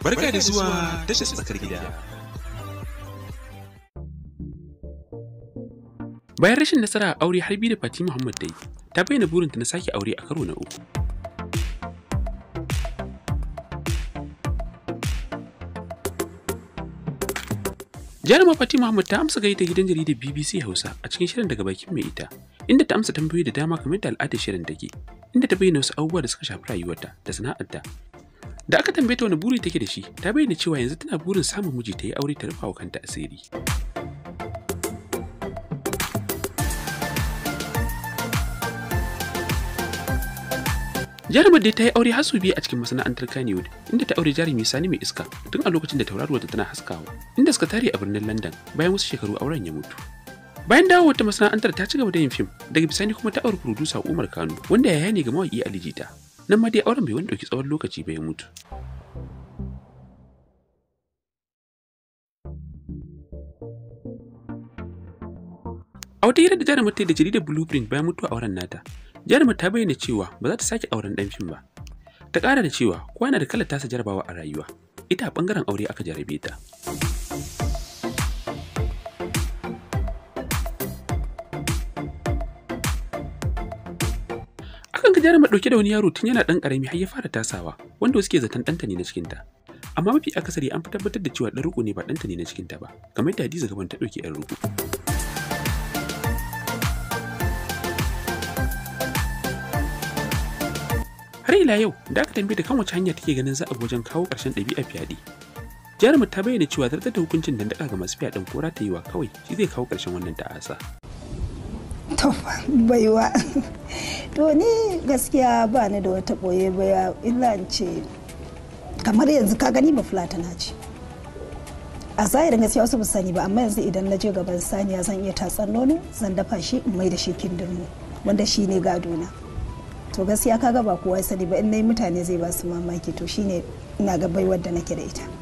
Barka da zuwa tashar tsakar gida. Bayan rashin nasara a aure har biyu da Fati Muhammad dai, ta bayyana burinta na sake aure a karo na uku. Jaruma Fati Muhammad ta amsa gaita gidan jaridar BBC Hausa a cikin shirin daga bakin mai ita, inda ta amsa tambayoyi da dama kamar da al'adar shirin take, inda ta bayyana wasu abubuwa da suka shafi rayuwarta da sana'arta da aka tambaye ta wani buri take da shi ta bayyana cewa yanzu tana burin samun miji ta yi aure ta rufa wa kanta asiri jarumar dai ta yi aure hasu biyu a cikin masana'antar kannywood inda ta aure jarumi sani mai iska tun a lokacin da tauraruwarta tana haskawa inda suka tare a birnin london bayan wasu shekaru auren ya mutu bayan dawowar ta masana'antar ta ci gaba da yin fim daga bisani kuma ta aure producer umar kano wanda yaya ne ga mawaki ali jita nan ma dai auren bai wani ɗauki tsawon lokaci bai mutu a wata hira da jarumar ta da jaridar blueprint bayan mutuwa auren nata jarumar ta bayyana cewa ba za ta sake auren ɗan fim ba ta ƙara da cewa kowa na da kalar tasa jarabawa a rayuwa ita a ɓangaren aure aka jarabe ta. Wata jaruma ɗauke da wani yaro tun yana ɗan ƙarami har ya fara tasawa, wanda suke zaton ɗanta ne na cikin ta Amma mafi akasari an fitar tabbatar da cewa ɗan ruku ne ba ɗanta ne na cikinta ba, kamar yadda Hadiza gaban ta ɗauki ɗan ruku Har ila yau, da aka tambaye da kan wace hanya take ganin za a wajen kawo ƙarshen ɗabi'ar fyaɗe. Jarumar ta bayyana cewa zartar da hukuncin da ga masu fyaɗen kora ta yi wa kawai shi zai kawo ƙarshen wannan ta'asa. To, baiwa. to ni gaskiya ba ni da wata ɓoye baya illa in ce kamar yanzu ka gani ba fulatana ce a zahirin gaskiya wasu sani ba amma yanzu idan na je gaban saniya zan iya tatsan nono zan dafa shi in mai da shi kindirmo wanda shi ne na to gaskiya kaga ba kowa sani ba in nayi mutane zai ba su mamaki to shine ina ga baiwar nake da ita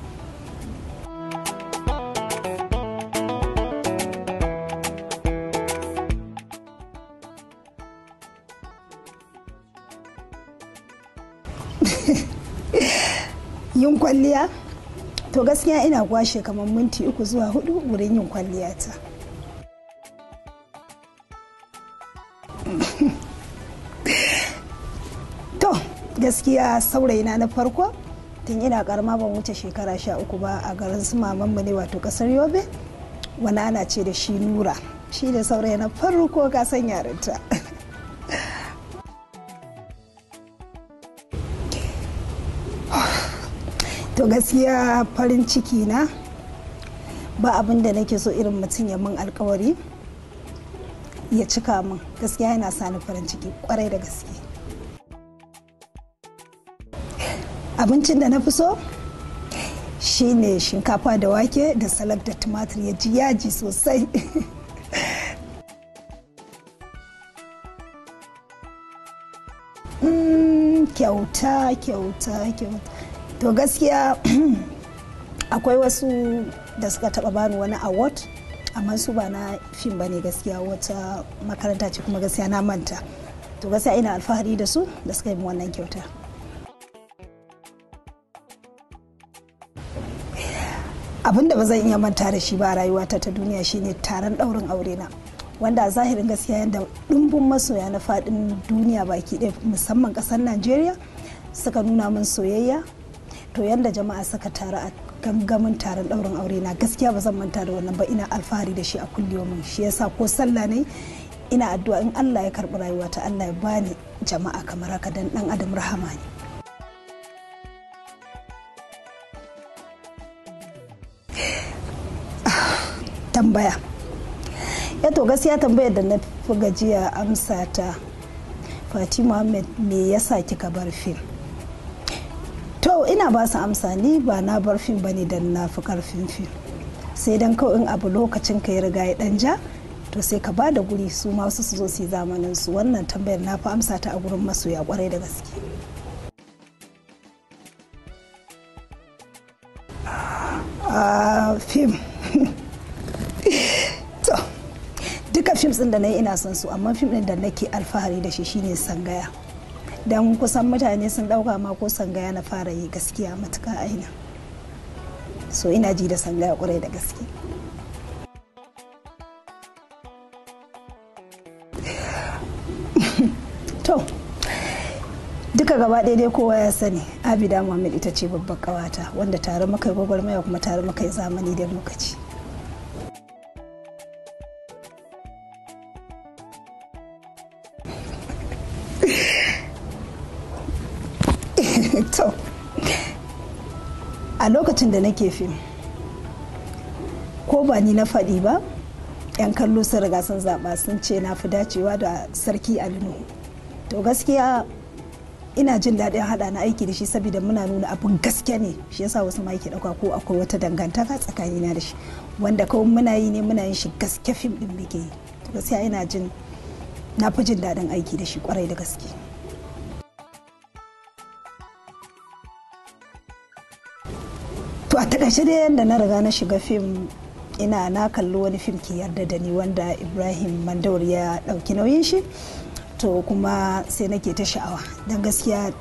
yin kwalliya to gaskiya ina kwashe kamar minti uku zuwa hudu wurin yin kwalliya ta to gaskiya saurayina na farko tun ina karama ban wuce shekara sha uku ba a garin su mamanmu ne wato kasar yobe wani ana ce da shi nura shi da saurayi na farko ka san yarinta to gaskiya farin ciki na ba abin da nake so irin mutum ya min alkawari ya cika min gaskiya yana sani farin ciki kwarai da gaske abincin da na fi so shine shinkafa da wake da salak da tumatir ya ji yaji sosai mm, kyauta kyauta kyauta to gaskiya akwai wasu da suka taba bani wani award amma su ba na fim ba ne gaskiya wata makaranta ce kuma gaskiya na manta to gaskiya ina alfahari da su da suka yi min wannan kyauta abin da ba zan iya manta da shi ba a rayuwata ta duniya shine taron daurin aure na wanda a zahirin gaskiya yadda dumbun masoya na fadin duniya baki ɗaya musamman ƙasar najeriya suka nuna min soyayya to yanda jama'a suka taru a gangamin taron ɗaurin aure na gaskiya ba zan manta da wannan ba ina alfahari da shi a kulliyomin shi yasa ko sallah ne ina addu'a in Allah ya karbi rayuwa ta Allah ya bani jama'a kamar haka dan dan adam rahama ne tambaya ya eh to gaskiya tambayar da na fi gajiya amsa ta fati muhammad me yasa kika bar fim ina ba su amsa ni ba na bar fim ba ne don na fi karfin fim sai dan kawai in abu lokacin ka ya riga ya dan ja to sai ka ba da guri su ma su zo su zamanin su wannan tambayar na fi amsa ta a gurin masoya kwarai da gaske ah, fim to duka fim din da na yi ina son su amma fim ɗin da nake alfahari da shi shine sangaya dan kusan mutane sun ɗauka ma ko sangaya na fara yi gaskiya matuka aina so ina ji da ya kwarai da gaske to duka gaba ɗaya dai kowa ya sani abida muhammad ita ce babbar ƙawata wanda tare muka yi gwagwarmaya kuma tare muka yi zamani da lokaci a lokacin da nake fim ko ba ni na faɗi ba 'yan kallo sun riga sun zaɓa sun ce na fi dacewa da sarki alinu to gaskiya ina jin daɗin haɗa na aiki da shi saboda muna nuna abin gaske ne shi yasa wasu ma yake ɗauka ko akwai wata dangantaka tsakanina da shi wanda kawai muna yi ne muna yin shi gaske fim ɗin muke yi to gaskiya ina jin na fi jin daɗin aiki da shi kwarai da gaske. to a takaice dai yadda na riga na shiga fim ina na kalli wani fim ke yarda da ni wanda ibrahim mandawar ya ɗauki nauyin shi to kuma sai nake ta sha'awa don gaskiya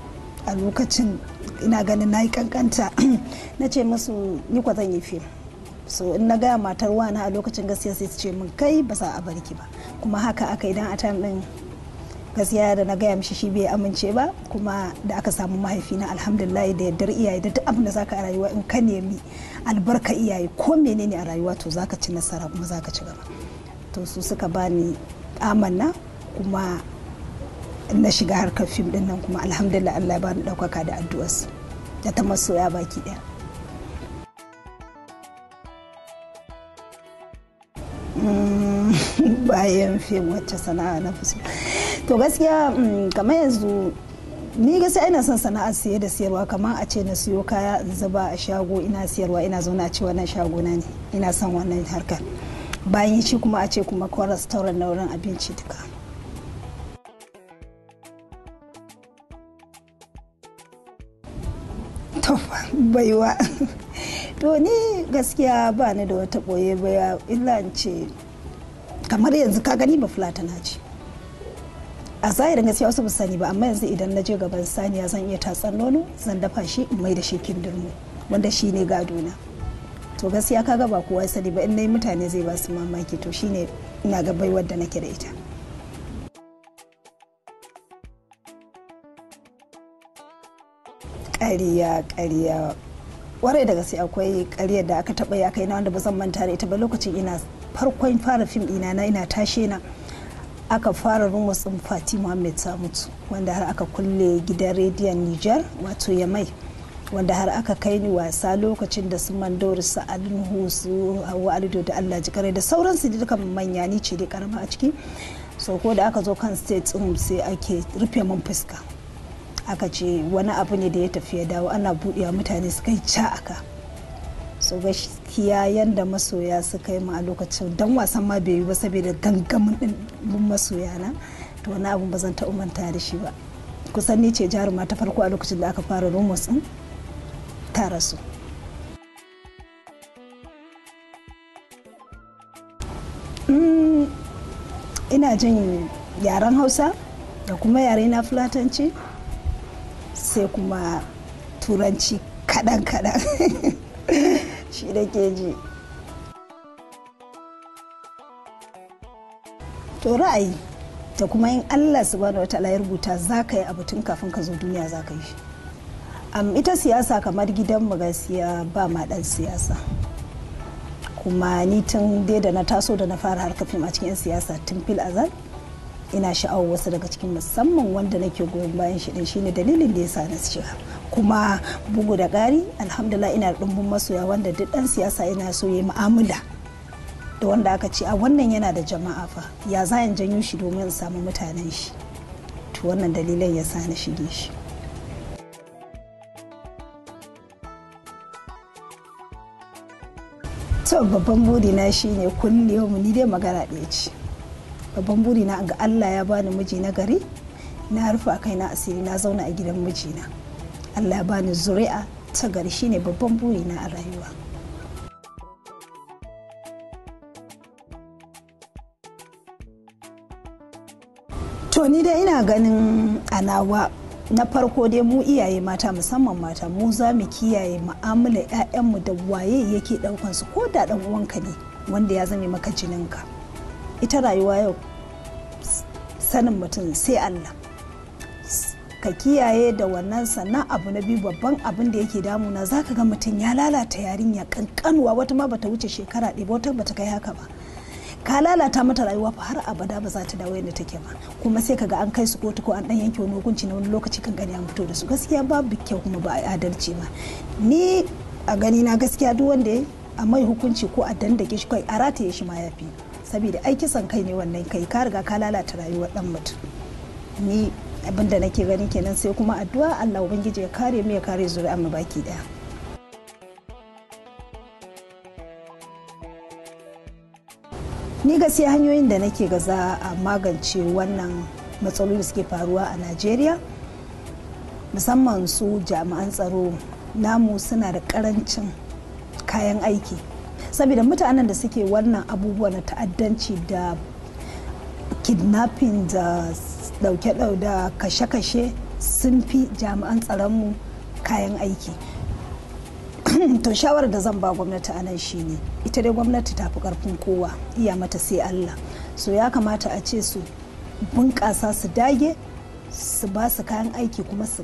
a lokacin ina ganin na yi kankanta na ce musu ni kwa zan yi fim so in na gaya matar wana a lokacin gaskiya sai su ce min kai ba sa a barki ba kuma haka aka idan a time din gaskiya da na gaya mishi shi bai amince ba kuma da aka samu mahaifi na alhamdulillah da yardar iyaye da duk abin da zaka a rayuwa in ka nemi albarka iyaye ko menene a rayuwa to zaka ci nasara kuma zaka ci gaba to su suka bani amanna kuma na shiga harkar fim din nan kuma alhamdulillah Allah ya bani daukaka da addu'arsu da ta masoya baki daya mm. bayan fim wacce sana'a na fusu to gaskiya mm, kamar yanzu ni gaskiya ina son sana'a siye da siyarwa kamar a ce na siyo kaya in zuba a shago ina siyarwa ina zauna a ce wannan shago na ne ina son wannan harkar bayan shi kuma a ce kuma ko restaurant na wurin abinci duka baiwa to ni gaskiya ba ni da wata boye baya illa in ce kamar yanzu ka gani ba na ce a zahirin gaskiya wasu sani ba amma yanzu idan na je gaban saniya zan iya tatsar nono zan dafa shi in mai da shi kindirmo wanda shi ne na to gaskiya kaga ba kowa sani ba in nayi mutane zai ba su mamaki to shine ina ga baiwar da nake da ita ƙarya ƙarya warai da gaske akwai ƙaryar da aka taɓa ya kai na wanda ba zan manta da ita ba lokacin ina farkon fara fim ɗina na ina tashe na aka fara rumutsin fati muhammed ta wanda har aka kulle gidan rediyon niger wato ya mai wanda har aka kai ni wasa lokacin da su mandori su alin husu hawa alido da allah ji da sauransu da dukkan manya ni ce dai karama a ciki so ko da aka zo kan state din sai ake rufe mun fuska aka ce wani abu ne da ya tafi ya dawo ana buɗewa mutane su kai ca aka su gaskiya yadda masoya suka yi ma a lokacin don wasan ma bai yi ba saboda gangamin ɗin masoya na to wani abun ba zan ta manta da shi ba kusan ni ce jaruma ta farko a lokacin da aka fara rumus din ta rasu mm, ina jin yaren hausa da kuma yare na fulatanci sai kuma turanci kaɗan-kaɗan shi da ke ji to ra'ayi da kuma yin allah subhanahu wa ta'ala ya rubuta za ka yi abu tun kafin ka zo duniya za ka yi shi am ita siyasa kamar gidan mu gaskiya ba ma dan siyasa kuma ni tun dai da na taso da na fara harkafin fim a cikin siyasa tun fil azal ina sha'awar wasu daga cikin musamman wanda nake goyon bayan shi din shine dalilin da yasa na shiga kuma bugu da ƙari alhamdulillah ina da ɗumbin masoya wanda duk ɗan siyasa yana so ya mu'amala da wanda aka ce a wannan yana da jama'a fa ya za in janyo shi domin in samu mutanen shi to wannan dalilan ya sa na shige shi to babban na shine kullum ni dai magana ɗaya ce babban buri na ga Allah ya bani miji na gari na rufe a kaina asiri na zauna a gidan mijina Allah ya bani zuri'a ta gari shine babban buri na a rayuwa to ni dai ina ganin anawa na farko dai mu iyaye mata musamman mata mu za mu kiyaye mu'amala 'ya'yanmu da waye yake daukansu ko da uwanka ne wanda ya zame maka jininka ita rayuwa yau sanin mutum sai allah ka kiyaye da wannan sannan abu na biyu babban abin da yake damuna za ka ga mutum ya lalata yarinya kankanuwa wata ma bata wuce shekara ɗaya wata bata kai haka ba ka lalata mata rayuwa fa har abada ba za ta dawo yadda take ba kuma sai ka ga an kai su kotu ko an dan yanke wani hukunci na wani lokaci kan gani an fito da su gaskiya babu kyau kuma ba adalci ba ni a gani na gaskiya duk wanda ya a mai hukunci ko a dandake shi kai a rataye shi ma yafi saboda ai kisan kai ne wannan kai ka riga ka lalata rayuwar dan mutum ni abin da nake gani kenan sai kuma addu'a Allah ubangiji ya kare mu ya kare zuri'an mu baki daya ni gaskiya hanyoyin da nake ga za a magance wannan matsaloli suke faruwa a Najeriya musamman su jami'an tsaro namu suna da karancin kayan aiki saboda mutanen da suke wannan abubuwa na ta'addanci da kidnapping da dauke da kashe-kashe sun fi jami'an mu kayan aiki to shawarar da zan ba gwamnati a nan shine ita dai gwamnati ta fi karfin kowa iya mata sai allah so ya kamata a ce su bunƙasa su dage su ba su kayan aiki kuma su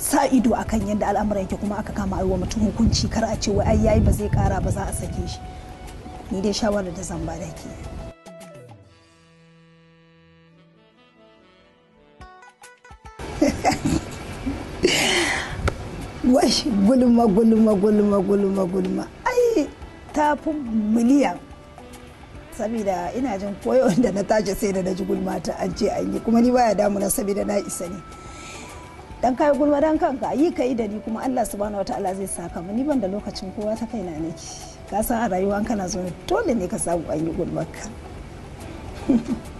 sa ido akan yadda al'amuran yake kuma aka kama aiwa mutum hukunci kar a ce wai ai yayi ba zai kara ba za a sake shi ni dai shawarar da zan bada ke wai gulma gulma gulma gulma gulma ai tafi miliyan saboda ina jin koyon da na tashi sai da na ji gulma ta an ce an yi kuma ni baya damuna saboda na isa ne dan kai gulma dan kanka yi ka yi da ni kuma Allah subhanahu wataala zai saka mu ni ban da lokacin kowa ta kaina niki ka san a rayuwa kana zo dole ne ka samu an yi gulmarka